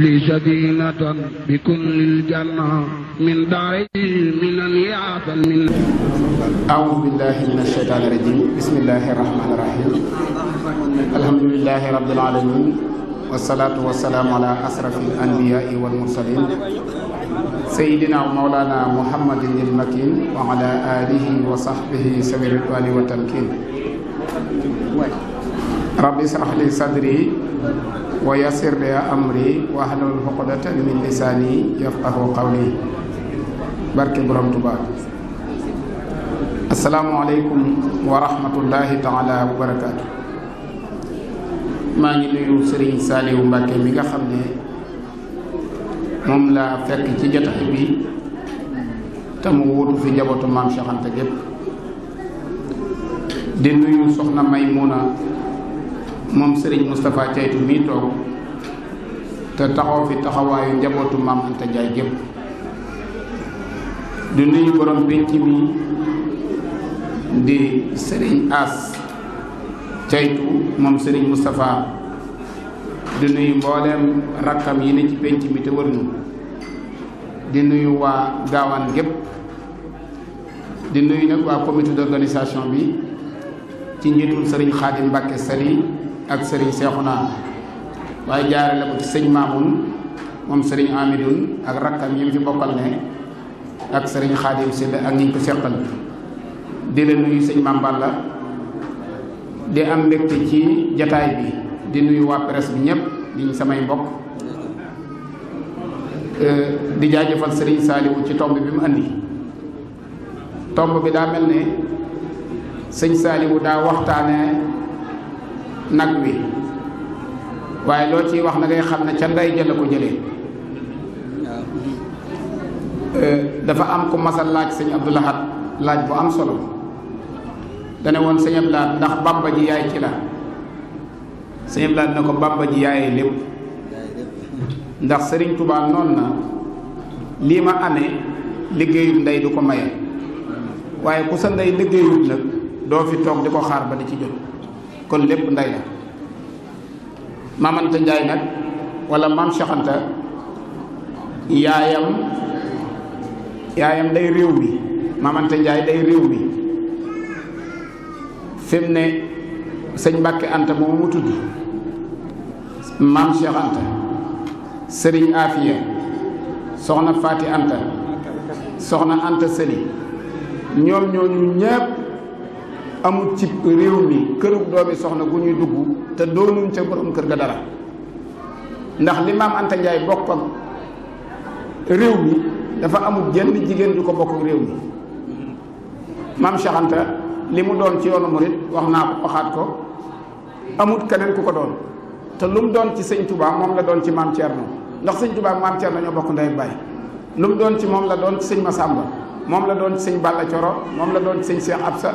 li sadinatan bi kullil janna min daari minan yaatan min aoudu billahi min asheytaani rajim bismillahi rahmani rahim alhamdulilahi rabbil alamin wasalaatu wasalaamu ala asrafi al anbiyaai wal mursalin sayidina wa maulana muhammadin il makin wa ala alihi wa sahbihi sawi ridwani wa tamkin rabbi israh li sadri wa yassir li amri wahlul uqdatan min lisaani yafqahu qawli barke borom Tuubaa asalaamu aleykum wa rahmatullahi taala wa barakaatu maa ngi nuyu Sëriñ Saaliwu Mbàkke bi nga xam ni moom laa fekk ci jotaay bi te mu wutu fi njabootu maam Cheikh gépp di nuyu soxna Maymuna moom Serigne Moustapha Caytu mii toog te taxaw fi taxawaayu njabootu maam Anta Njaay gépp du nuyu borom pénc mi di Serigne As Caytu moom Serigne Moustapha di nuyu mbooleem rakkam yi ne ci pénc mi te wër ñu di nuyu waa gaawaan gépp di nuyu nag waa comité d'organisation bi ci njiitul Serigne Khadim Mbacke Sali ak sëriñ Seexuna waaye jaare la ko ci sëñ Maamun moom sëriñ Amidoun ak rakkam yi mu fi bokkal ne ak sëriñ Xaadim Sill ak ñi di nuyu sëñ Maam ci jataay bi di nuyu waa bi ñëpp di ñu samay mbokk euh, di jaajëfal sëriñ Saaliwu ci tomb bi mu andi tomb bi daa mel ne sëñ Saaliwu daa waxtaane nag wi waaye loo ciy wax na ngay xam ne ca ndey jël ko jëlee euh, dafa am ku masal laaj sëñ Abdou laaj bu am solo dane woon sëñ Abdou ndax bàmba ji yaay ci la sëñ Abdou Lahad ko bàmba ji yaayee lépp ndax sëriñ Tuubaa noon na lii ma amee liggéeyul ndey du ko maye waaye ku sa ndey liggéeyul nag doo fi toog di ko xaar ba di ci jot kon lépp nday la Njaay nag walla maam Cheikh yaayam yaayam day réew mi Maam Njaay day réew mi fi ne sëñ Mbàkke Anta moomu mu tudd maam Cheikh Anta sëriñ soxna Faati Anta soxna Anta Sëli ñoom ñooñu ñëpp amut ci réew mi kërug doomi soxna gu ñuy dugg te doonuñ ca borom kër ga dara ndax li maam Anta Ndiaye bokk ak réew mi dafa amul jenn jigéen ju ko bokk réew mi maam Cheikh li mu doon ci yoonu murit wax naa ko waxaat ko amut keneen ku ko doon te lu mu doon ci sëñ Touba moom la doon ci maam Thierno ndax sëñ Touba maam Thierno ñoo bokk ndey baay lu mu doon ci moom la doon ci sëñ Massamba moom la doon ci sëñ Balla Coro moom la doon sëñ Cheikh Absa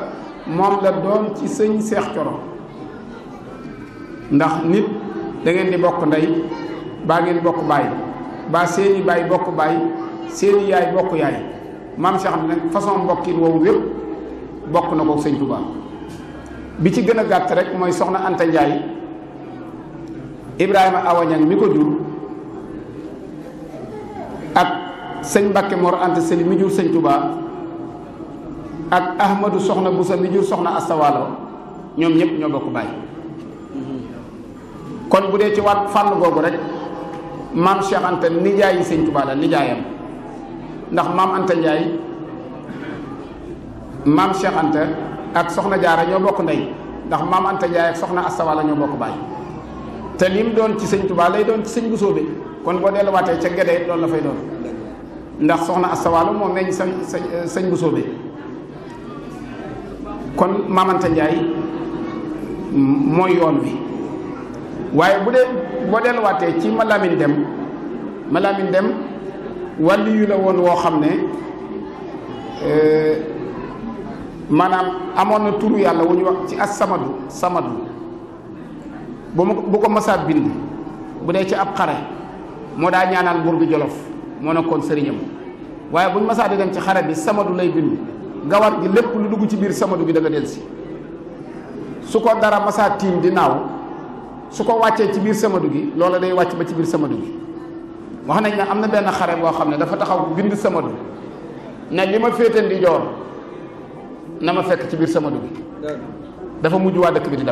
moom la doon ci sëñ seex coro ndax nit da ngeen di bokk ndey baa ngeen bokk baay baa seeni baay bokk bàyyi seeni yaay bokk yaay maam Cheikh bi nag façon mbokki woowu yépp bokk na ko sëñ Touba bi ci gën a gàtt rek mooy soxna Anta Ndiaye Ibrahima Awañang mi ko jur ak sëñ Mbacke moor Anta Sali mi jur sëñ Touba ak ahmadu soxna busa bi jur soxna astawaalo ñoom ñëpp ñoo bokk bàyyi kon bu dee ci wàll fàll googu rek maam Cheikh Anta nijaay yi sëñ Tuubaa nijaayam ndax maam Anta Njaay maam Cheikh ak soxna jaara ñoo bokk ndey ndax maam Anta Njaay ak soxna astawaalo ñoo bokk bàyyi te lim doon ci sëñ Tuubaa lay doon ci sëñ Busoobe kon boo delluwaatee ca Gédé loolu la fay doon ndax soxna astawaalo moo meññ sa sëñ bi kon Mamanta Njaay mooy yoon wi waaye bu dee boo delluwaatee ci Malamine Dem Malamine Dem wàlli yu la woon woo xam ne euh, maanaam amoon na tur yàlla wu ñu wax ci as samadu samadu bu ma bu ko masaa bind bu dee ci ab xare moo daa ñaanal buur bi jolof moo nekkoon sëriñam waaye buñ masaa di dem ci xare bi samadu lay bind gawar gi lépp lu dugg ci biir samadu gi da nga si su ko dara masaa tiim di naaw su ko wàccee ci biir samadu gi loola day wàcc ba ci biir samadu gi wax nañ ne am na benn xare boo xam ne dafa taxaw bind samadu ne li ma féeteen di joor na ma fekk ci biir samadu gi mujj waa dëkk bi di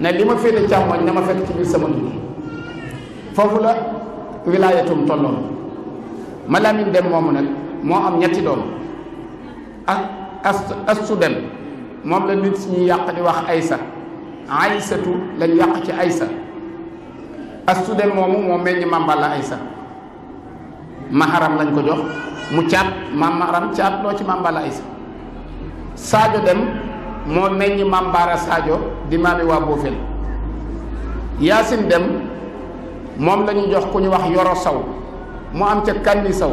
ne li ma féete càmmoñ na ma fekk ci biir samadu gi foofu la wilaayatum tolloon Malamine dem moomu nag moo am ñetti doom ak as astu dem moom la nit ñi yàq di wax aysa aysatu lañ yàq ci aysa astu dem moomu moo meññ mamballa aysa maharam lañ ko jox mu caat mamaram caat loo ci mamballa aysa sadio dem moo meññ mambara sadio di maami waa boofel yaasin dem moom la jox ku ñu wax yoro saw mu am ca kanni saw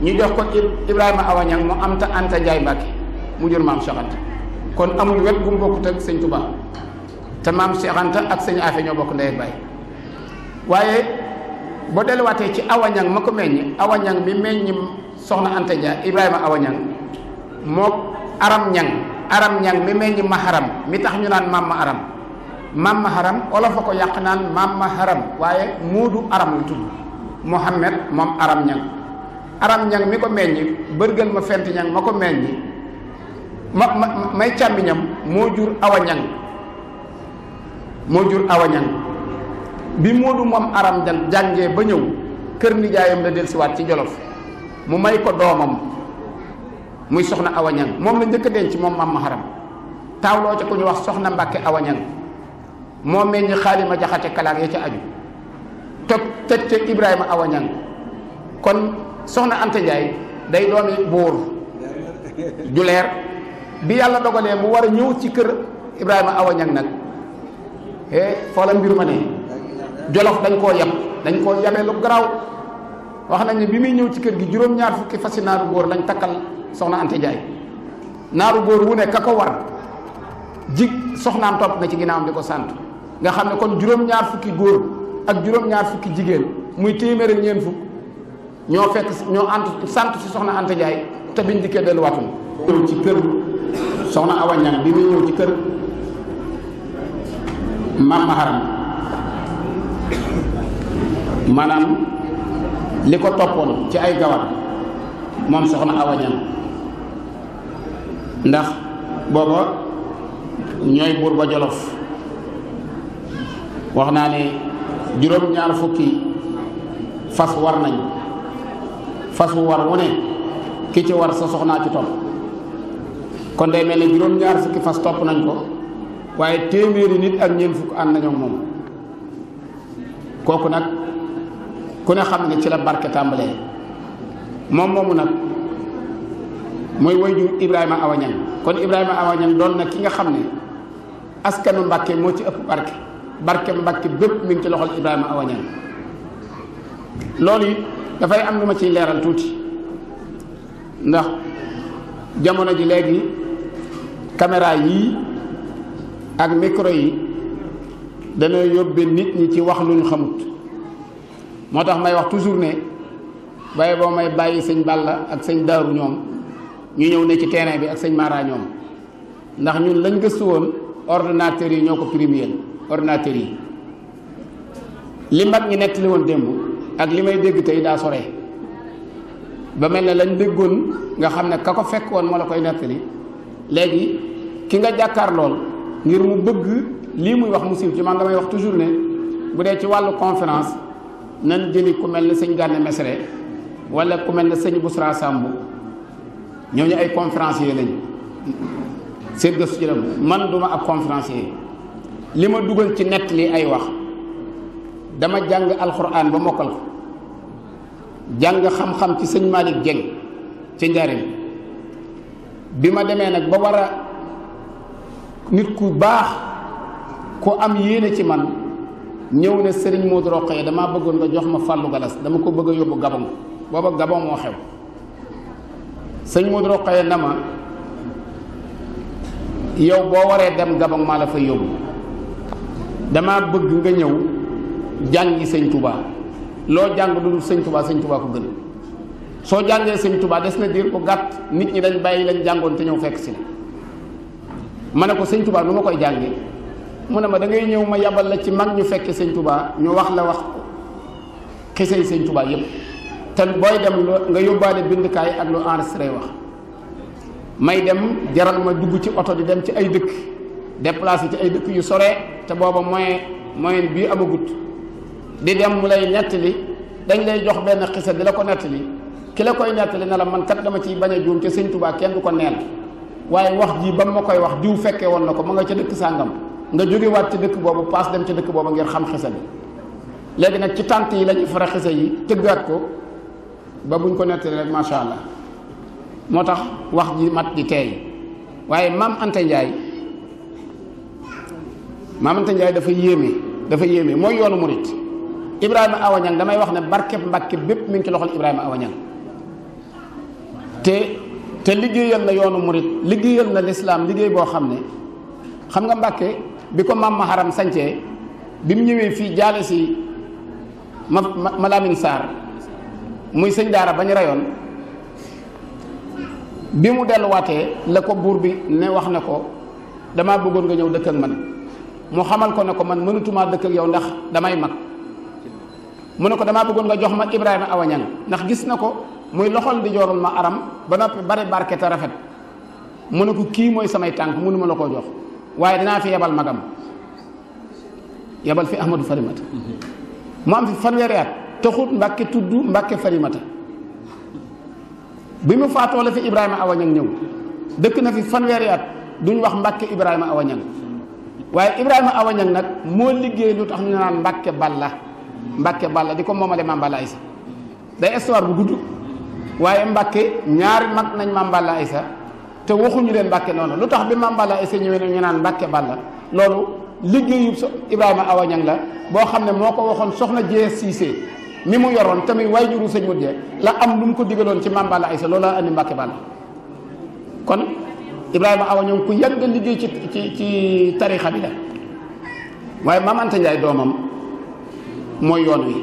ñu jox ko Ibrahima Awañang mu am ta Anta Njaay Mbàkke mu jur maam Cheikh kon amul wet bu mu teg ak sëñ Tuubaa te maam Anta ak sëñ Afe ñoo bokk ndey ak baay waaye boo delluwaatee ci Awañang ma ko meññ Awañang mi meññ soxna Anta Njaay Ibrahima Awañang moo aram ñang aram ñang mi meññ ma haram mi tax ñu naan maam ma aram maam ma haram ko yàq naan maam ma haram waaye muudu aram la Mohammed moom aram ñang aram ñang mi ko meññi bërgël ma fent ñang ma ko meññi ma may càmmiñam moo jur awa ñang moo jur awa ñang bi moodu moom aram jan ba ñëw kër nijaayam la dellusiwaat ci jolof mu may ko doomam muy soxna awa ñang moom la jëkk a ci moom mam ma xaram taawloo ca ku ñu wax soxna mbàkke awa ñang moo meññi xaalima jaxate kalaak ya ca aju te teg ca ibrahima awa ñang kon soxna Anta day doomi buur ju bi yàlla dogalee mu war a ñëw ci kër Ibrahima Awa Niang nag eh foo la mbir ma ne jolof dañ koo yab dañ koo yabee lu garaw wax nañ ne bi muy ñëw ci kër gi juróom-ñaar fukki fasi naaru góor lañ takkal soxna Anta naaru góor wu nekk ka ko war jig soxnaam topp na ci ginnaawam di ko sant nga xam ne kon juróom-ñaar fukki góor ak juróom-ñaar fukki jigéen muy téeméer ak fukk ñoo fekk ñoo ant sant si soxna Anta Ndiaye te biñ dikkee delluwaatuñ ñëw ci kër Awa bi muy ñëw ci kër maam maharam maanaam li ko toppoon ci ay gawar moom soxna Awa Niang ndax booba ñooy buur ba jolof wax naa ne juróom ñaar fukki fas war nañ fas wu war wu ne ki ci war sa soxnaa ci topp kon day mel na juróom-ñaar fukki fas topp nañ ko waaye téeméeri nit ak ñeent fukk ànd nañoo moom kooku nag ku ne xam ne ci la barke tàmbalee moom moomu nag mooy wayju Ibrahima Awañan kon Ibrahima Awañan doon nag ki nga xam ne askanu Mbàkke moo ci ëpp barke barke Mbàkke bépp mi ngi ci loxol Ibrahima Awañan loolu it dafay am lu ma ciy leeral tuuti ndax jamono ji léegi caméra yii ak micro yi dana yóbbe nit ñi ci wax lu ñu xamut moo tax may wax toujours ne waaye boo may bàyyi sëñ Balla ak sëñ Daaru ñoom ñu ñëw ne ci terrain bi ak sëñ Mara ñoom ndax ñu lañ gëstu woon ordinateurs yi ñoo ko premier ordinateurs yi li mag ñi nettali woon démb ak li may dégg tey daa sore ba mel ne lañ déggoon nga xam ne ka ko fekk woon moo la koy nettali léegi ki nga jàkkaar lool ngir mu bëgg lii muy wax mu siiw ci nga damay wax toujours ne bu dee ci wàllu conférence nan jëli ku mel ne sëñ Gànne Mesere wala ku mel ne sëñ Bousra Samb ñooñu ay conférencier lañ seen gëstu ci man duma ak ab conférencier li ma dugal ci nett li ay wax dama jàng alxuraan ba mokkal ko jàng xam-xam ci sëñ Malick Dieng ci njariñ bi ma demee nag ba war a nit ku baax ku am yéene ci man ñëw ne sëriñ Modou Rokhaya dama bëggoon nga jox ma Fallou Galas dama ko bëgg a yóbbu Gabon booba Gabon moo xew sëñ Modou Rokhaya na ma yow boo waree dem Gabon maa la fay yóbbu damaa bëgg nga ñëw jàngi sëñ Touba. loo jàng dul sëñ tubaa sëñ tubaa ko gën soo jàngee sëñ tubaa des na diir bu gàtt nit ñi dañ bàyyi lañ jàngoon te ñëw fekk si ma ne ko sëñ tubaa nu ma koy jàngee mu ne ma da ngay ñëw ma yabal la ci mag ñu fekkee sëñ tubaa ñu wax la wax xisey sëñ tubaa yépp te booy dem nga yóbbaale bindukaay ak lu enregistré wax may dem jaral ma dugg ci oto di dem ci ay dëkk déplacé ci ay dëkk yu sore te booba moyen moyen bii amagut di dem mu lay nettali dañ lay jox benn xisa di la ko nettali ki la koy nettali ne la man kat dama ciy bañ a juum ca sëñ Tuubaa kenn du ko neel waaye wax ji ba ma koy wax wu fekkee woon na ko ma nga ca dëkk sàngam nga jógewaat ci dëkk boobu paas dem ci dëkk boobu ngir xam xisa bi léegi nag ci tànt yi la ñuy fara xisa yi tëggaat ko ba buñ ko nettali rek macha allah moo tax wax ji mat di teey waaye maam Anta njaay maam Anta Ndiaye dafa yéem dafa yéeme mooy yoonu murit Ibrahima Awañang damay wax ne barkeb Mbàkke bépp mi ngi ci loxol Ibrahima Awañang te te liggéeyal na yoonu murit liggéeyal na lislaam liggéey boo xam ne xam nga mbakke bi ko maam Maharam sancee bi mu ñëwee fii jaale si ma ma Lamine Sarr muy sëñ daara bañ rayoon bi mu delluwaatee la ko buur bi ne wax na ko damaa bëggoon nga ñëw dëkk ak man mu xamal ko ne ko man mënatumaa dëkk ak yow ndax damay mag. mu ne ko damaa bëggoon nga jox ma Ibrahima awañang ndax gis na ko muy loxol di joorul ma aram ba noppi bari barke rafet mu ne ko kii mooy samay tànk mënu ma la koo jox waaye danaa fi yebal magam yebal fi Ahmadou Farimata mu am fi fanweeri at Mbàkke tudd Mbàkke Farimata bi mu faatoo la fi Ibrahima awañang ñëw dëkk na fi fanweeri duñ wax Mbàkke Ibrahima awañang waaye Ibrahima awañang nag moo liggéey lu tax ñu naan Mbàkke Balla Mbacke Balla di ko moomale Mame Balla Aïssa day histoire bu gudd waaye Mbacke ñaari mag nañ Mame Balla Aïssa te waxuñu leen Mbacke noonu lu tax bi Mame Balla Aïssa ñëwee ñu naan Mbacke Balla loolu liggéeyu Ibrahima Awa la boo xam ne moo ko waxoon soxna Dieng Cissé ni mu yoroon tamit waajuru sëñ Modou la am lu mu ko digaloon ci Mame Balla Aïssa loola andi Mbacke Balla kon Ibrahima Awa ku yàgg liggéey ci ci ci tarixa bi la waaye Mame Anta Ndiaye mooy yoon wi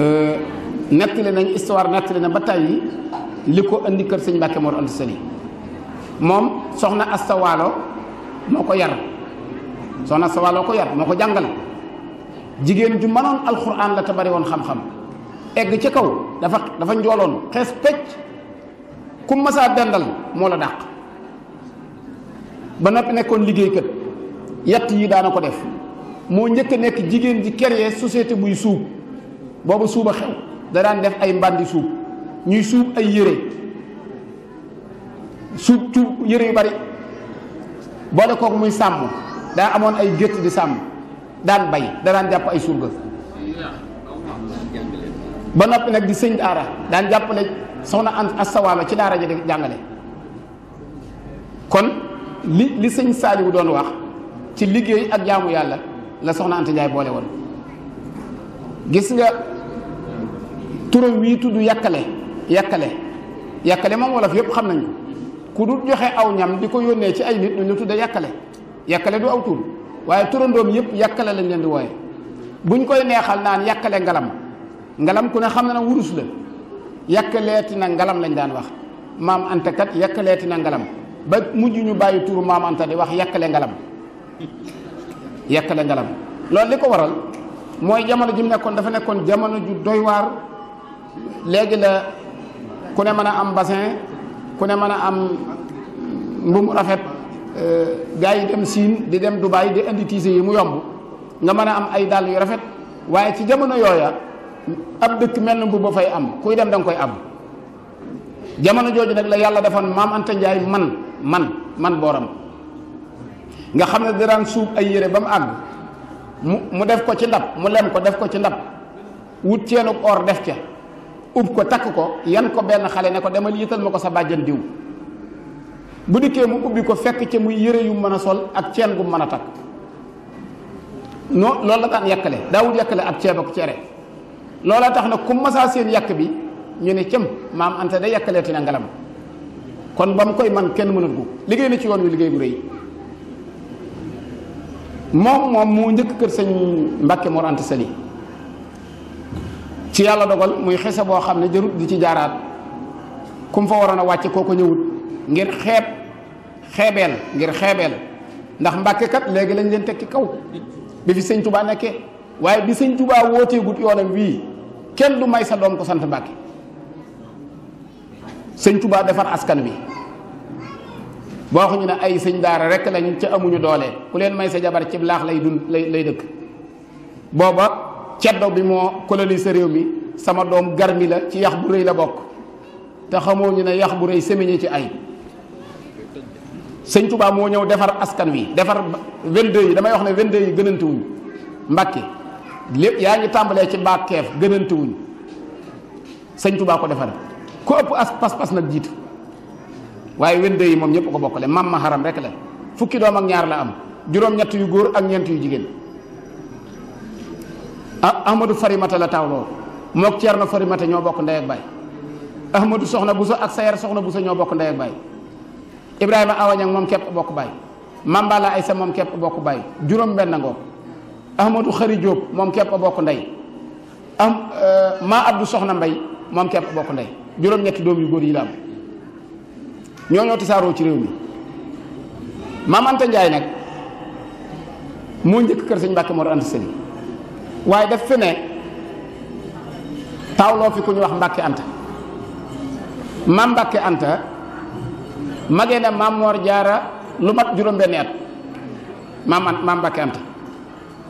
euh, nettali nañ histoire nettali na ba tàyyi li ko indi kër sëñ Mbàkke Mor Anta Sali moom soxna Asta Waalo moo ko yar soxna Asta ko yar moo ko jàngal jigéen ju mënoon alxuraan la te bari woon xam-xam egg ci kaw dafa dafa njooloon xees pecc ku masaa dendal moo la dàq ba noppi nekkoon liggéey liggéeykat yatt yi daana ko def moo njëkk a nekk jigéen ji créer société buy suub boobu suuba xew da daan def ay mbandi suub ñuy suub ay yére suub cuub yére yu bari boole kooku muy sàmm daa amoon ay gétt di sàmm daan bay da daan jàpp ay surga ba noppi nag di sëñ daara daan jàppale soxna an asawaalo ci daara ji di jàngale kon li li sëñ Saaliwu doon wax ci liggéey ak jaamu yàlla la soxna Anta ñaay boole woon gis nga turam wii tudd yàkkale yàkkale yàkkale moom wolof yëpp xam nañu ku dul joxe aw ñam di ko yónnee ci ay nit ñu la tudde yàkkale yàkkale du aw tur waaye turandoom yëpp yàkkale lañ leen di wooye buñ koy neexal naan yàkkale ngalam ngalam ku ne xam na ne wurus la yàkkaleeti na ngalam lañ daan wax maam Anta kat yàkkaleeti na ngalam ba mujj ñu bàyyi turu maam Anta di wax yàkkale ngalam yekkale ngalam loolu li ko waral mooy jamono ji nekkoon dafa nekkoon jamono ju doy waar léegi la ku ne mën a am bassin ku ne mën a am mu rafet euh, gars yi dem siin di dem Dubaay di indi tiise yi mu yomb nga mën a am ay dàll yu rafet waaye ci jamono yooya ab dëkk mel na mbubb ba fay am kuy dem da nga koy am jamono jooju nag la yàlla defoon maam Anta Ndiaye man man man booram nga xam ne daraan suub ay yére ba mu àgg mu mu def ko ci ndab mu lem ko def ko ci ndab wut ceenu or def ca ub ko takk ko yan ko benn xale ne ko demal yital ma ko sa bàjjan diw bu dikkee mu ubbi ko fekk ca muy yére yu mën a sol ak ceen gu mën a takk noo loolu la daan yàkkale daawul yàkkale ab ceeb ak cere loola tax na ku masaa seen yàkk bi ñu ne cëm maam Anta da yàkkaleeti na ngalam kon ba mu koy man kenn mënat gu liggéey na ci yoon wi liggéey bu rëy moom moom moo njëkk kër sëñ Mbàkke Mor Anta Sali ci yàlla dogal muy xese boo xam ne jarut di ci jaaraat ku mu fa waroon a wàcce kooko ñëwut ngir xeeb xeebeel ngir xeebeel ndax Mbàkke kat léegi lañ leen teg ci kaw di fi sëñ Tubaa nekkee waaye bi sëñ Tubaa wooteegut yoonam wii kenn du may sa doom ko sant Mbàkke sëñ Tubaa defar askan wi boo waxuñu ne ay sëñ daara rek lañ ci amuñu doole ku leen may sa jabar ci laax lay dund lay lay dëkk booba ceddo bi moo sa réew mi sama doom garmi la ci yax bu rëy la bokk te xamoo ñu ne yax bu rëy sémiñe ci ay sëñ Tuubaa moo ñëw defar askan wi defar 22 yi damay wax ne 22 yi gënantewuñ mbàkke lépp yaa ngi tàmbalee ci mbàkkeef gënantewuñ sëñ Tuubaa ko defar ku ëpp as pas-pas nag jiitu waaye wënde yi moom ñëpp ko bokkale mam maharam rek la fukki doom ak ñaar la am juróom-ñett yu góor ak ñeent yu jigéen ah ahmadou farimata la tawloo mook ceerno farimata ñoo bokk ndey ak baay ahmadou soxna buso ak soxna buso ñoo bokk ndey ak baay ibrahima awañang moom képp bokk baay mambala aysa moom képp bokk baay juróom benn ngoog ahmadou xari Diop moom képp bokk ndey am euh, maa du soxna mbay moom kepp bokk ndey juróom-ñetti doom yu góor yi la am ñoo ñoo tasaaroo ci réew mi maam Anta Ndiaye nag moo njëkk kër sëñ Mbàkke Mor Anta Sali waaye def fi ne taawloo fi ku ñu wax Mbàkke Anta maam Mbàkke Anta magee na maam Mor Jaara lu mat juróom-benni at maam maam Anta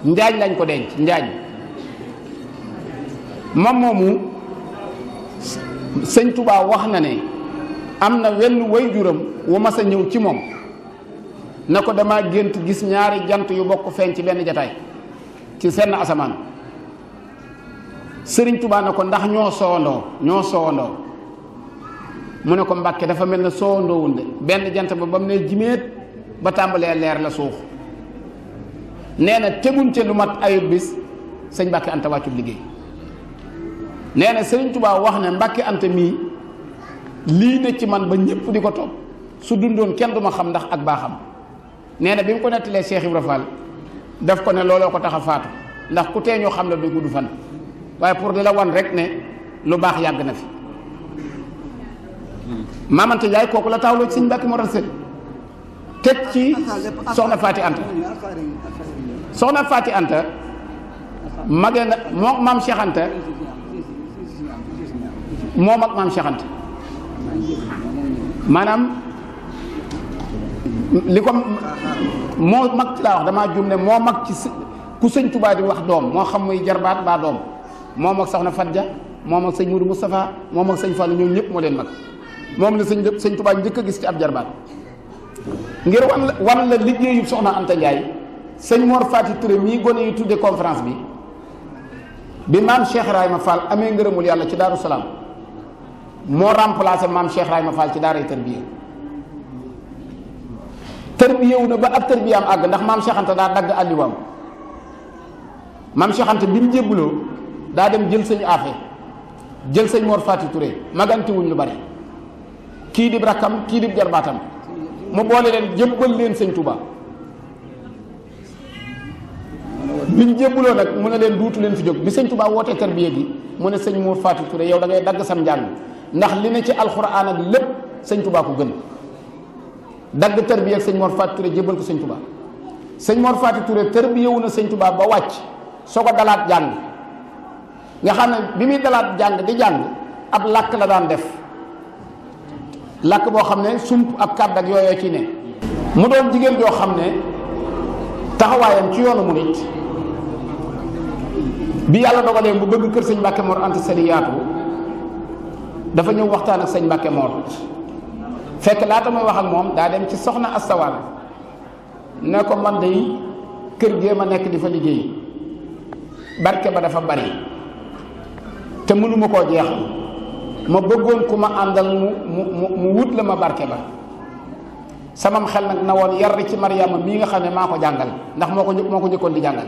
Njaañ lañ ko denc Njaañ moom moomu sëñ Touba wax na ne. am na wenn wayjuram wu mas a ñëw ci moom na ko dama gént gis ñaari jant yu bokk feeñ ci benn jataay ci senn asamaan sëriñ tubaa na ko ndax ñoo soowandoo ñoo soowandoo mu ne ko mbàkke dafa mel ne soowandoowul de benn jant ba ba mu ne jimeet ba tàmbalee leer la suux nee na teguñ ca lu mat ayub bis sëñ mbàkke anta wàccub liggéey nee na sëriñ tubaa wax ne mbàkke anta mii lii ne ci man ba ñëpp di ko topp su dundoon kenn du ma xam ndax ak baaxam nee na bi mu ko nettalee Cheikh Ibra Fall daf ko ne looloo ko tax a faatu ndax ku tee ñoo xam la du gudd fan waaye pour di la wan rek ne lu baax yàgg na fi maamante Njaay kooku la taawloo ci sëñ Mbàkke Mor Anta Sali teg ci soxna Faati Anta soxna Faati Anta magee na moom maam Cheikh Anta moom maam Cheikh maanaam li ko moo mag ci laa wax damaa jum ne moo mag ci ku sëñ Tuubaa di wax doom moo xam muy jarbaat baa doom moo mag soxna Fadja moo mag sëñ Mourou Moustapha moo mag sëñ Fallou ñoom ñëpp moo leen mag moom la sëñ sëñ Tuubaa njëkk a gis ci ab jarbaat ngir wan la wan la liggéeyu soxna Anta Ndiaye sëñ Mor Fati Touré mii gone yu tudde conférence bi bi maam Cheikh ma Fall amee ngërëmul yàlla ci Daaru Salaam moo remplacé maam Cheikh ma Fall ci daaray tërbiya tërbiyewu na ba ab am àgg ndax maam Cheikh Anta daa dagg àlliwaam maam Cheikh Anta bi mu jébbuloo daa dem jël sëñ Afe jël sëñ Mor Fati Touré magante lu bari kii dib rakkam kii dib jarbaatam mu boole leen jébbal leen sëñ Touba bi ñu jébbuloo nag mu ne leen duutu leen fi jóg bi sëñ Touba wootee tërbiya gi mu ne sëñ Mor fàtte Touré yow da ngay dagg sam njàng ndax li ne ci alxuraan ak lépp sëñ tubaa ko gën dagg tërbiya ak sëñ Mor Faty Touré jébbal sëñ tubaa sëñ Mor Faty Touré tërbiyewu na sëñ tubaa ba wàcc soo ko dalaat jàng nga xam ne bi muy dalaat jàng di jàng ab làkk la daan def làkk boo xam ne sump ak kàdd ak yooyoo ci ne mu doon jigéen joo xam ne taxawaayam ci yoonu murit bi yàlla dogalee bu bëgg kër sañ Mbàkke Mor Anta Sali yaatu dafa ñëw waxtaan ak sëñ Mbacke Mor fekk laata muy wax ak moom daa dem ci soxna Astawaan ne ko man dey kër gee ma nekk di fa liggéey barke ba dafa bari te mënuma koo jeex ma bëggoon ku ma àndal mu mu mu wut la ma barke ba samam xel nag na woon yar ci Mariama mii nga xam ne maa ko jàngal ndax moo ko moo ko njëkkoon di jàngal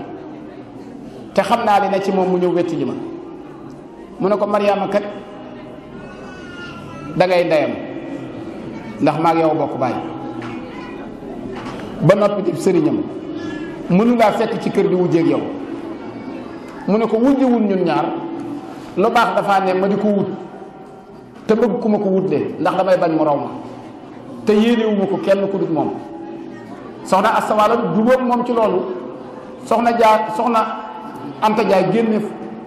te xam naa li ne ci moom mu ñëw wetti li ma mu ne ko Mariama kat. dangay ndeyam ndax maag yow bokk baay ba noppi di sëriñam mënu laa ci kër di wujjeek yow mu ne ko wujjewul ñun ñaar lu baax dafaa ne ma di ko wut te bëgg ko wutlee ndax damay bañ mu raw ma te yéenewuma ko kenn ku dut moom soxna astawaalo jubóog moom ci loolu soxna jaar soxna Anta Jaay génne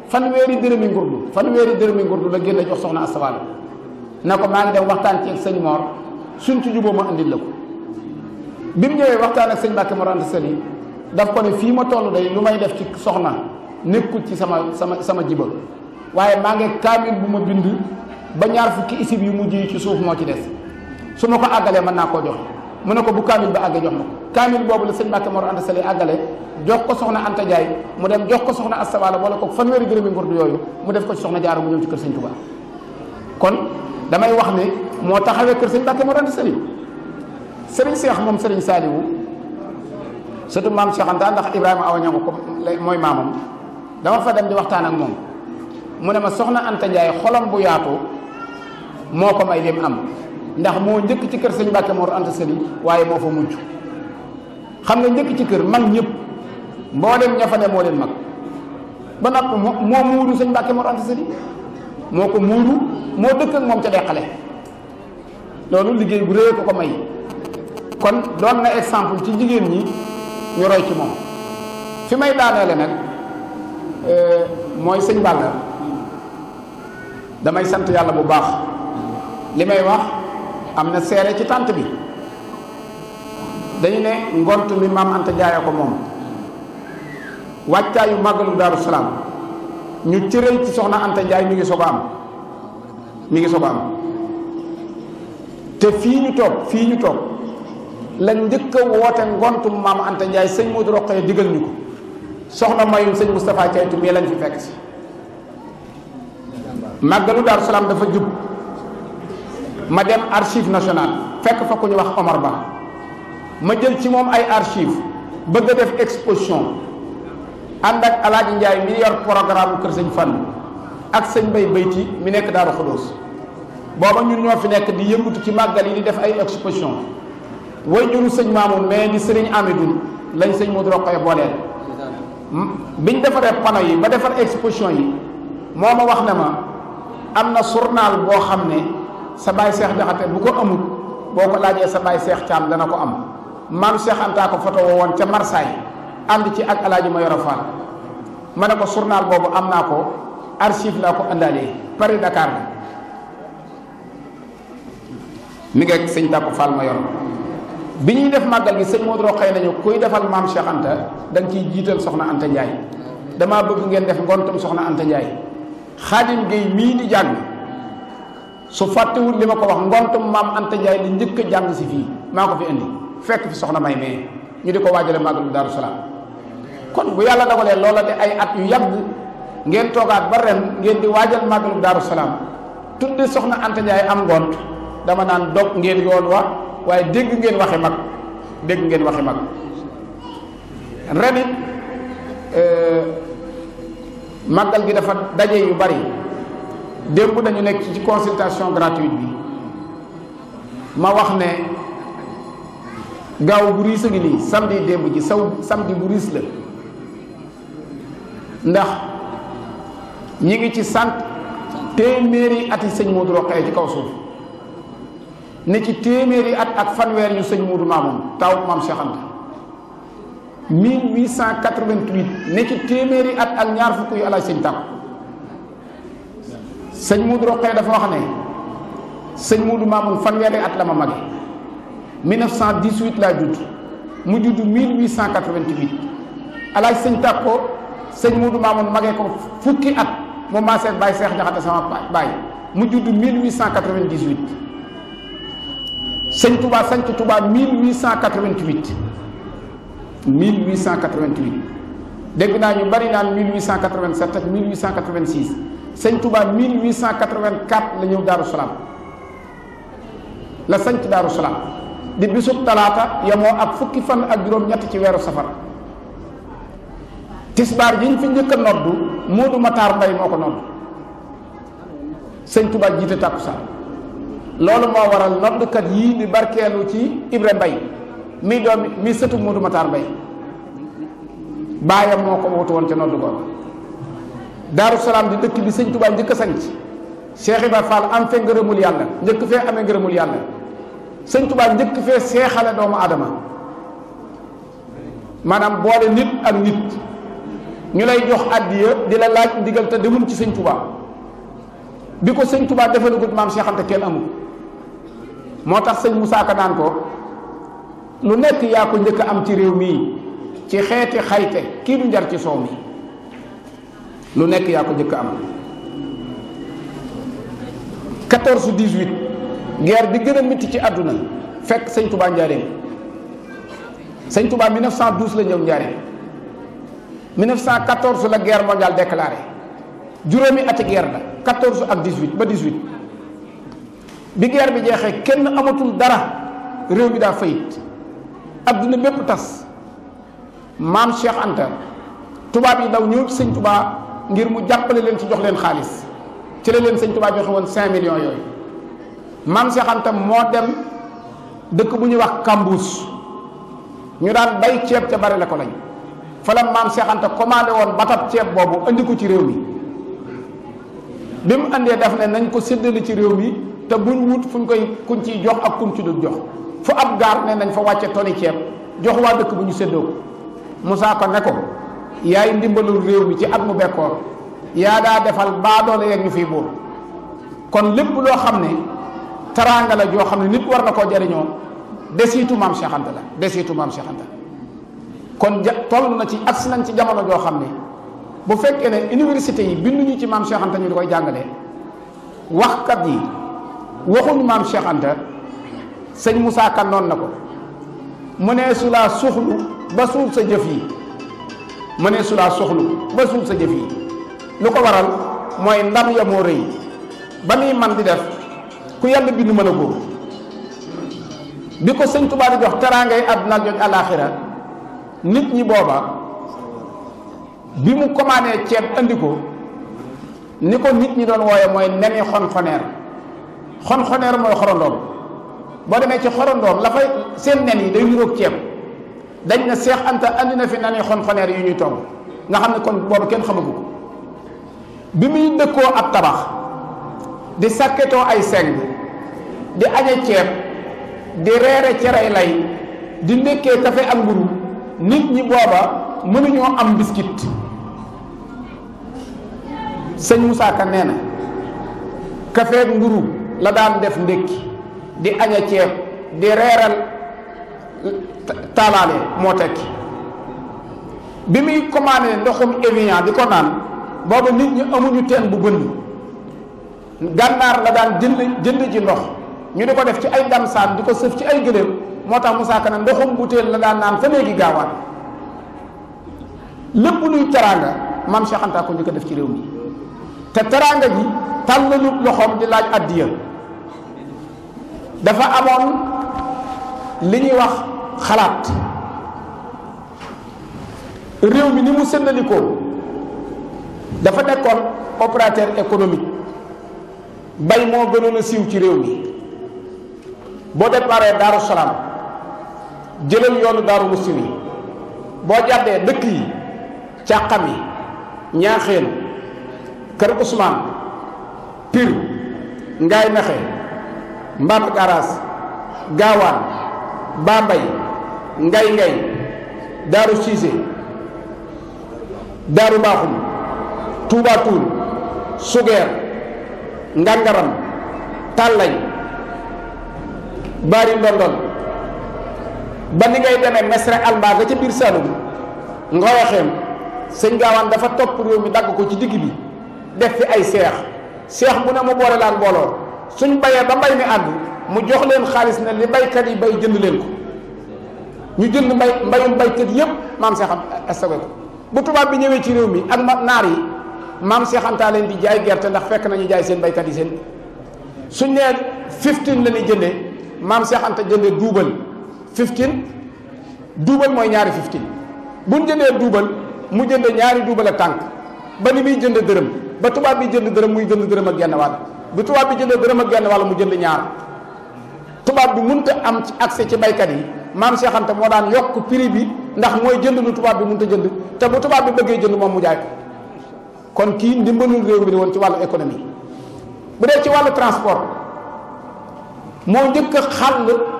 fanweeri dërëmi ngurdu fanweeri dërëmi ngurdu la génne jox soxna astawaalo na ko maa ngi dem waxtaan ci ak sëñ Mor suñ ci juboo ma andil la ko bi mu ñëwee waxtaan ak sëñ Mbàkke Mor Anta Sali daf ko ne fii ma toll day lu may def ci soxna nekkul ci sama sama sama jiba waaye maa ngi kaamil bu ma bind ba ñaar fukki isib yu mujj yi ci suuf moo ci des su ma ko àggalee mën naa koo jox mu ne ko bu kaamil ba àggee jox ma ko kaamil boobu la sëñ Mbàkke Mor Anta Sali àggale jox ko soxna Anta Jaay mu dem jox ko soxna Asta Walo boole ko fanweeri dërëmi ngurdu yooyu mu def ko ci soxna Jaara mu ñëw ci kër sëñ Tuubaa kon damay wax ne moo taxawee kër sëñ Mbàkke Mor Anta Sali sëriñ Seex moom sëriñ Saaliwu surtout maam Cheikh Anta ndax Ibrahima Awa Ñangu ko mooy maamam dama fa dem di waxtaan ak moom mu ne ma soxna Anta Ndiaye xolam bu yaatu moo ko ay lim am ndax moo njëkk ci kër sëñ Mbàkke Mor Anta Sali waaye moo fa mujj xam nga njëkk ci kër man ñëpp mboolem ña fa ne moo leen mag ba noppi moo muudu sëñ Mbàkke Mor Anta Sali moo ko muuru moo dëkka ak moom ca deqale loolu liggéey bu rëy ko ko may kon doon na exemple ci jigéen ñi ñu ci moom fi may daaneele nag euh, mooy sëñ Balla damay sant yàlla bu baax li may wax am na seere ci tànt bi dañu ne ngont mi maam Anta ko moom waajtaayu màggalu Daaru Salaam ñu cëral ci soxna Anta Ndiaye mi ngi soog a am mi ngi soog a am te fii ñu toog fii ñu toog la njëkk a woote ngontu maam Anta Ndiaye sëñ Modou Rokhaya digal ñu ko soxna mayum sëñ Moustapha Caytu mi lañ fi fekk si màggalu Daaru Salaam dafa jub ma dem archive nationale fekk fa ku ñu wax Omar Ba ma jël ci moom ay archive bëgg a def exposition ànd ak alaaji Njaay mi yor programme kër sëñ Fàllu ak sëñ Bay Bayti mi nekk daal Xudoos booba ñun ñoo fi nekk di yëngatu ci màggal yi di def ay exposition way juru sëñ Maamoun mais di sëriñ Amidou lañ sëñ Modou Rokhaya booleel biñ defaree panneau yi ba defar exposition yi moo ma wax ne ma am na journal boo xam ne sa baay Seex Jaxate bu ko amul boo ko laajee sa baay Seex Caam dana ko am maam Seex Anta ko foto woon ca Marseille ànd ci ak alaaji Mayoro Fall ma ne ko journal boobu am naa ko archive laa ko àndaale Paris Dakar la mi ngi ak sëñ Tàkko Fall Mayoro bi ñuy def màggal gi sëñ Modou Rokhaya nañu kuy defal maam Cheikh Anta da ciy jiital soxna Anta Ndiaye damaa bëgg ngeen def ngontam soxna Anta Ndiaye Xaadim Gueye mii di jàng su fàttewul li ma ko wax ngontam maam Anta Ndiaye li njëkk a jàng si fii maa ko fi indi fekk fi soxna May mais ñu di ko waajale màggalu Daaru Salaam kon bu yàlla dogalee loola di ay at yu yàgg ngeen toogaat ba ren ngeen di waajal màggalu daaru salaam tudde soxna Anta Ndiaye am ngont dama naan dog ngeen yoon wa waaye dégg ngeen waxe mag dégg ngeen waxe mag ren it euh, màggal gi dafa daje yu bari démb dañu nekk ci consultation gratuite bi ma wax ne gaaw bu riis a ngi nii samedi démb ji saw samedi bu riis la ndax ñi ngi ci sant téeméeri at yi sëñ Modou Rokhaya ci kaw suuf ne ci téeméeri at ak fanweer yu sëñ Modou Mamoun taw maam Cheikh Anta ne ci téeméeri at ak ñaar fukk yu alaaj sëñ tàkk sëñ Modou Rokhaya dafa wax ne sëñ Modou Mamoun fanweeri at la ma mage 1918 laa judd mu judd alaaj sëñ tàkk sëñ Moudou Mamoun magee ko fukki at moom maa seet bàyyi Seex Jaxate sama bàyyi mu judd 1898 sëñ Touba sanc Touba 1888 1888 dégg naa ñu bari naan 1887 ak 1886 sëñ Touba 1884 la ñëw Daaru Salaam la sanc Daaru Salaam di bisub talaata yemoo ak fukki fan ak juróom-ñett ci weeru safar tisbaar ji ñu fi njëkk a noddu Moodu Mataar Mbay moo ko noddu sëñ Tuubaa jiite tàkkusaan loolu moo waral noddkat yii di barkeelu ci Ibra Mbay mi doom mi sëtu Moodu Mataar Mbay baayam moo ko wutu woon ca noddu googu Daaru Salaam di dëkk bi sëñ Tuubaa njëkk a sanc Cheikh Ibra Fall am fee ngërëmul yàlla njëkk fee amee ngërëmul yàlla sëñ Tuubaa njëkk fee seexale doomu aadama maanaam boole nit ak nit ñu lay jox addiya di la laaj ndigal te demul ci sëñ Tuubaa bi ko sëñ Tuubaa defalagut maam Cheikh Anta kenn amul moo tax sëñ Moussa Ka naan ko lu nekk yaa ko njëkk am ci réew mii ci xeeti xayte kii du njar ci soow mi lu nekk yaa ko njëkk a am 14 18 guerre bi gën a métti ci àdduna fekk sëñ Tuubaa njaareem sëñ Tuubaa 1912 la ñëw njaareem 1914 la moo daal déclarée juróomi ati ger la 14 ak 18 ba 18 bi guerre bi jeexee kenn amatul dara réew bi daa fayit adduna bépp tas maam Cheikh tubaab yi ndaw ñëw ci sëñ ngir mu jàppale leen ci jox leen xaalis ci la leen sëñ Tuubaa joxe woon 5 millions yooyu maam Cheikh moo dem dëkk bu ñu wax Kambuus ñu daan bay ceeb ca bare la ko lañ. fa la maam Cheikh Anta woon batab ceeb boobu andi ko ci réew mi bi mu andee daf nañ ko séddale ci réew mi te buñ wut fuñ koy kuñ ci jox ak kuñ ci dul jox fu ab gaar ne nañ fa wàcce toni ceeb jox waa dëkk bu ñu séddoo ko Moussa ko ne ko yaay ndimbalul réew mi ci ak mu bekkoor yaa daa defal baa doole yeeg ñu fiy buur kon lépp loo xam ni taraanga la joo xam ne nit war na koo jariñoo desitu maam Cheikh Anta la desitu maam Cheikh kon ja toll na ci agsi nañ ci jamono joo xam ne bu fekkee ne université yi ñu ci maam Cheikh Anta ñu di koy jàngalee waxkat yi waxuñu maam Cheikh Anta sëñ musaa Ka noon na ko mu nee su laa ba suuf sa jëf yi mu nee su laa suxlu sa jëf lu ko waral mooy ndam ya moo rëy ba muy man di def ku yàlla bind mën a góor bi ko sëñ Tuubaa di jox teraangay àdduna ak joj alaaxira nit ñi booba bi mu commandé ceeb andi ko ni ko nit ñi doon wooye mooy neni xon xonxoneer mooy xorondoom boo demee ci xorondoom la fay seen nen yi day niroog ceeb dañ ne Seex Anta andi na fi neni xonxoneer yu ñuy togg nga xam ne ko boobu kenn xamagu ko bi muy dëkkoo ab tabax di sakketoo ay seng di añe ceeb di reere cerey lay di ndékkee kafe ak mburu nit ñi booba mënuñoo am biskit sëñ Moussa Ka nee na la daan def ndékki di aña ceeb di reeral taalaale moo tekki bi muy commandé ndoxum Evian di ko naan booba nit ñi amuñu teen bu bënn gànnaar la daan jënd jënd ji ndox ñu di ko def ci ay damsaan di ko sëf ci ay gëléem moo tax Moussa Ka ne ndoxum butéel la daan naan fa léegi gaawaan lépp luy teraanga maam Cheikh Anta ko def ci réew mi te teraanga ji tàllalu loxoom di laaj addiya dafa amoon li ñuy wax xalaat réew mi ni mu sënnalikoo dafa nekkoon opérateur économique bay moo gënoon a siiw ci réew mi boo déparé Daaru Salaam jëlal yoonu daaru musti wi boo jàddee dëkk yi càqam yi ñaaxeen kër Ousmane Pire Ngaay Mexe Mbaam ak Aras Gaawaan Bambay Ngay Ngay Daaru Siise Daaru Baaxum Touba Toul Sugeer Ngangaram Tàllay Baari Ndondon ba ni ngay demee Mesre Alba ci biir biir nga Ngoroxeem sëñ gaawaan dafa topp réew mi dagg ko ci digg bi def fi ay seex seex bu ne mu boole laal mbooloo suñ bayee ba mbay mi ànd mu jox leen xaalis ne li baykat yi bay jënd leen ko ñu jënd mbay mbayum baykat yépp maam seexam stocké ko bu tubaab bi ñëwee ci réew mi ak ma naar yi maam seexantaa leen di jaay gerte ndax fekk nañu jaay seen baykat yi seen suñ nee 15 la ñuy jëndee maam seexanta jëndee duubal fifteen duubal mooy ñaari fifteen bu jëndee duubal mu jënd ñaari duubal ak tànk ba ni muy jënd dërëm ba tubaab bi jënd dërëm muy jënd dërëm ak genn wàll bu tubaab bi jëndee dërëm ak genn wàll mu jënd ñaar tubaab bi mënut a am ci accès ci baykat yi maam Cheikh moo daan yokk prix bi ndax mooy jënd lu tubaab bi mënut a jënd te bu tubaab bi bëggee jënd moom mu jaay ko kon kii ndimbalul réew mi la woon ci wàllu économie bu dee ci wàll transport moo njëkk a xàll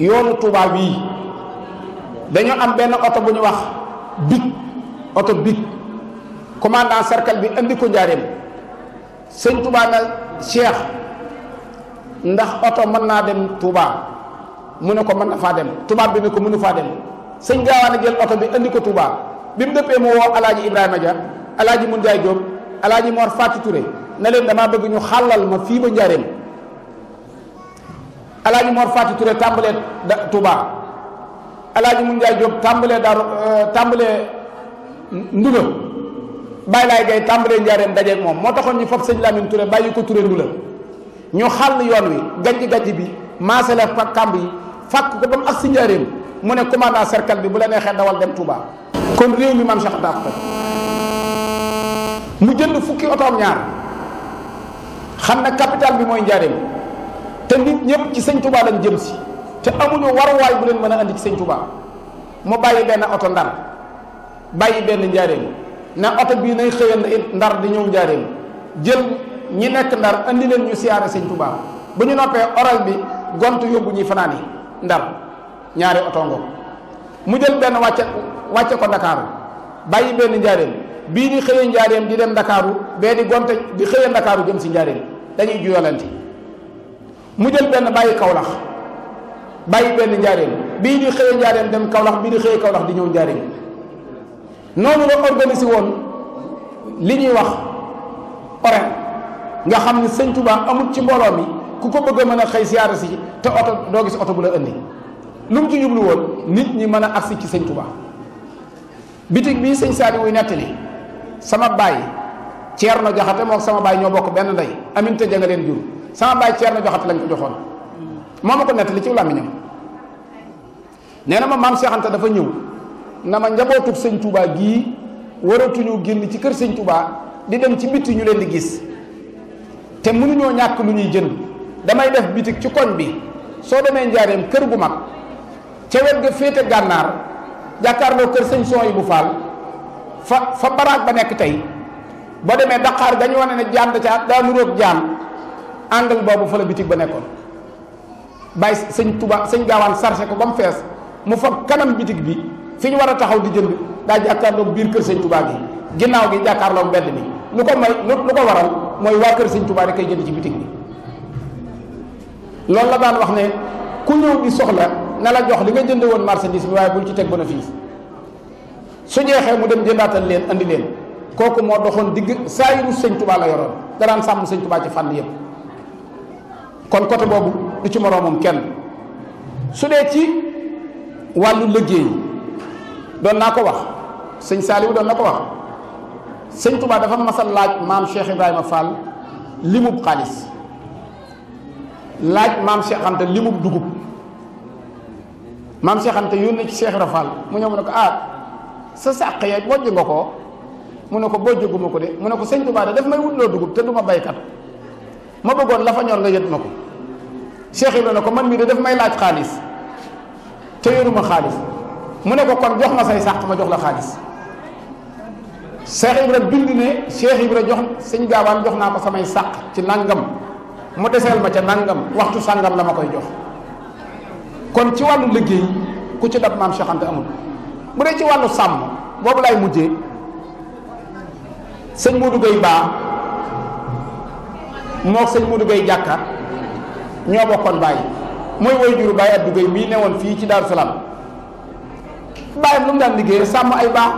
yoonu Touba bii dañoo am benn oto bu ñu wax big oto big commandant cercle bi indi ko njaareem sëñ Touba na Cheikh ndax oto mën naa dem Touba mu ne ko mën na faa dem Touba bi ne ko mënu faa dem sëñ Gaawaan jël oto bi indi ko Touba bi mu dëppee mu woo Alaaji Ibrahima Dia Alaaji Mun Jaay Jóob Alaaji Mor Faati Touré ne leen damaa bëgg ñu xàllal ma fii ba njaareem alaaji Mor Fati Touré tàmbalee da Touba mu Mun Njaay Jóob tàmbalee daaru euh, tàmbalee Nduga bàyyi laay gay tàmbalee njaareem dajeeg moom moo taxoon ñi fab sëñ Lamine Touré bàyyi ko Touré Nduga ñu xàll yoon wi gajj-gajj bi maasale ak kàmb yi fàkk ko ba mu ak si njaareem mu ne commandant cercle bi bu la neexee dawal dem Touba kon réew mi maam Cheikh Anta mu jënd fukki otoom ñaar xam na capital bi mooy njaareem te nit ñëpp ci sëñ Touba lañ jëm si te amuñu waruwaay bu leen mën a andi ci sëñ Touba mu bàyyi benn oto ndar bàyyi benn njaareem na oto bii nay xëyal it ndar di ñëw njaareem jël ñi nekk ndar andi leen ñu siyaare sëñ Touba bu ñu noppee oral bi gont yóbbu ñuy fanaani ndar ñaari oto mu jël benn wàcce wàcce ko ndakaaru bàyyi benn njaareem bii di xëyee njaareem di dem ndakaaru bee di gonte di xëyee ndakaaru jëm si njaareem dañuy juyolante mu jël benn bàyyi kawlax bàyyi benn njaareem bii di xëyee njaareem dem kawlax bii di xëyee kawlax di ñëw njaareem noonu la organisé woon li ñuy wax oren nga xam ne sëñ Tuubaa amul ci mbooloo mi ku ko bëgg mën a xëy siyaara si te oto doo gis oto bu la indi lu mu ci woon nit ñi mën a agsi ci sëñ Tuubaa bitig bii sëñ Saali wuy nettali sama baay Ceerno Jaxate mook sama baay ñoo bokk benn ndey Aminta ja nga leen jur sama baay Ceerno Joxate lañ ko joxoon moo ma ko nettali ci làmmiñam nee na ma maam seexante dafa ñëw na ma njabootug sëñ Touba gii waratuñu génn ci kër sëñ Touba di dem ci bitti ñu leen di gis te mënuñoo ñàkk lu ñuy jën damay def bitik ci koñ bi soo demee njaareem kër gu mag ca wet ga féete gànnaar jàkkaarloo kër sëñ son yi bu faal fa fa baraag ba nekk tey boo demee daqaar dañu wane ne jaan da ca daa nuroog jaan angle boobu fa la bitig ba nekkoon bàyyi sëñ tubaa sëñ gaawaan sarse ko ba mu fees mu fab kanam bitig bi fi ñu war a taxaw di jënd daa jàkkaarloog biir kër sëñ tubaa gi ginnaaw gi jàkkaarloog mbedd bi lu ko may lu ko waral mooy waa kër sëñ tubaa rek kay jënd ci bitig bi loolu la daan wax ne ku ñëw di soxla na la jox li nga jënd woon marchandise bi waaye bul ci teg bénéfice su jeexee mu dem jëndaatal leen indi leen kooku moo doxoon digg saayiru sëñ Tuubaa la yoroon daraan sàmm sëñ Tuubaa ci fànn yëpp kon côté boobu du ci moroomam kenn su dee ci wàllu liggéey doon naa ko wax sëñ Saaliwu doon na ko wax sëñ Touba dafa masal laaj maam Cheikh Ibrahima Fall limub xaalis laaj maam Cheikh Anta limub dugub maam Cheikh yoon yónnee ci Cheikh Ibrahima mu ñëw mu ne ko ah sa sàq ya bojj nga ko mu ne ko bojjaguma ko de mu ne ko sëñ Touba da daf may wutloo dugub te du ma baykat ma bëggoon la ñor nga yët ma ko Cheikh Ibra ne ko man mii de daf may laaj xaalis te yoruma xaalis mu ne ko kon jox ma say sàq ma jox la xaalis Cheikh Ibra bind ne Cheikh rek jox sëñ gaawaan jox naa ko samay sàq ci nàngam mu deseel ma ca nangam waxtu sàngam la ma koy jox kon ci wàllu liggéey ku ci dab maam Cheikh Anta bu dee ci wàllu sàmm boobu laay mujjee sëñ Modou Gueye Ba. moo sëñ Modou Gueye jàkka ñoo bokkoon bàyyi mooy woy juru bàyyi Abdou Gueye ne newoon fii ci Daaru Salaam bàyyam lu mu daan liggéey sàmm ay baa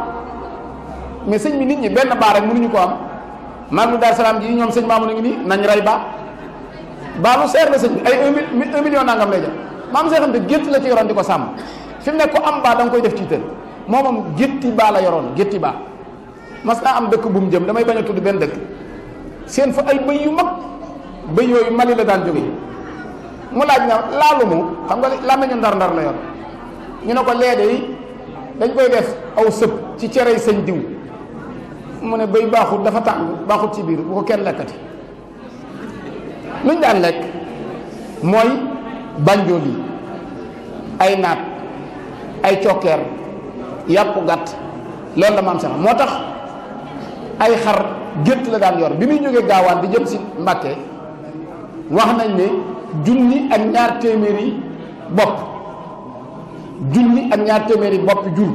mais sëñ bi nit ñi benn baax rek mënuñu ko am maam lu Daaru Salaam ji ñoom sëñ maamu na ngi nii nañ rey baax baax lu seer ay un million nangam lay def maam see xam te gétt la ci yoroon di ko sàmm fi mu nekk ko am baax da nga koy def ci tër moomam gétti baax la yoroon gétti baa mas naa am dëkk bu mu jëm damay bañ a tudd benn dëkk seen fa ay bëy yu mag bëy yooyu Mali la daan jóge mu laaj na laalu mu xam nga làmmiñu ndar-ndar la yor ñu ne ko leede yi dañ koy def aw sëb ci cerey sëñ diw mu ne bëy baaxut dafa tàng baaxut ci biir bu ko kenn lekkati luñ daan lekk mooy banjool yi ay naat ay cokkeer yàpp gàtt loolu la maam sax moo tax ay xar gétt la daan yor bi muy jógee gaawaan di jëm si Mbàkke wax nañ ne junni ak ñaar téeméeri bopp junni ak ñaar téeméeri bopp jur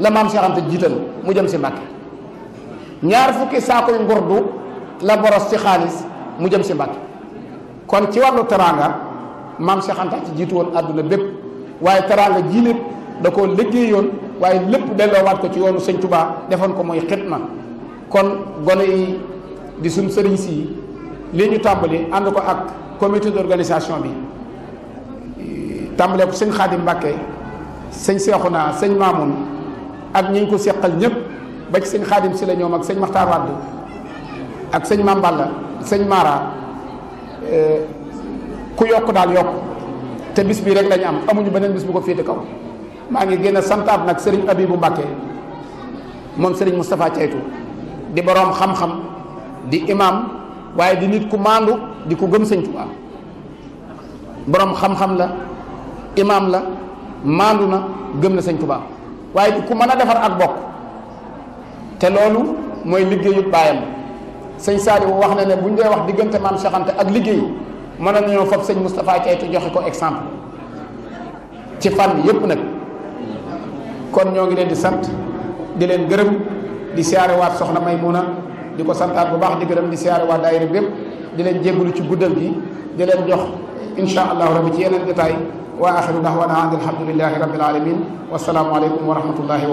la maam Cheikh jiital mu jëm si Mbàkke ñaar fukki saakoy ngurdu la boros ci xaalis mu jëm si Mbàkke kon ci wàllu teraanga maam Cheikh Anta ci jiitu woon àdduna bépp waaye teraanga ji lépp da koo liggéeyoon waaye lépp delloowaat ko ci yoonu Sëñ Tuubaa defoon ko mooy xitma kon gone yi di suñ sëriñ si li ñu tàmbali ànd ko ak comité d'organisation bi tàmbalee ko sëñ Xaadim Mbàkke sëñ Seexuna sëñ Maamun ak ñi ko seqal ñëpp ba sëñ Xaadim si ak sëñ Maxtaar Wàdd ak sëñ Mamballa sëñ Mara eh, ku yokk daal yokk te bis bii rek lañu am amuñu beneen bis bu ko féete kaw maa ngi gën a santaat nag sëriñ bu Mbàkke moom sëriñ Moustapha Ceytu di boroom xam-xam di imam waaye di nit ku maandu di ku gëm sëñ Tuubaa boroom xam-xam la imam la maandu na gëm na sëñ Tuubaa waaye di ku mën a defar ak bokk te loolu mooy liggéeyu baayam sëñ bu wax na ne bu ñu dee wax diggante maam Cheikh ak liggéey mën a nañoo fab sëñ Moustapha Keita joxe ko exemple ci fànn yépp nag kon ñoo ngi leen di sant di leen gërëm di siyaarewaat soxna Maymuna di ko santaat bu baax di gërëm di siyaarewaat daayira bépp di leen jéggalu ci guddal gi di leen jox insha rabbi ci yeneen détail wa axiru dahwana an alhamdulillahi rabbil alamin wasalaamu aleykum wa rahmatullahi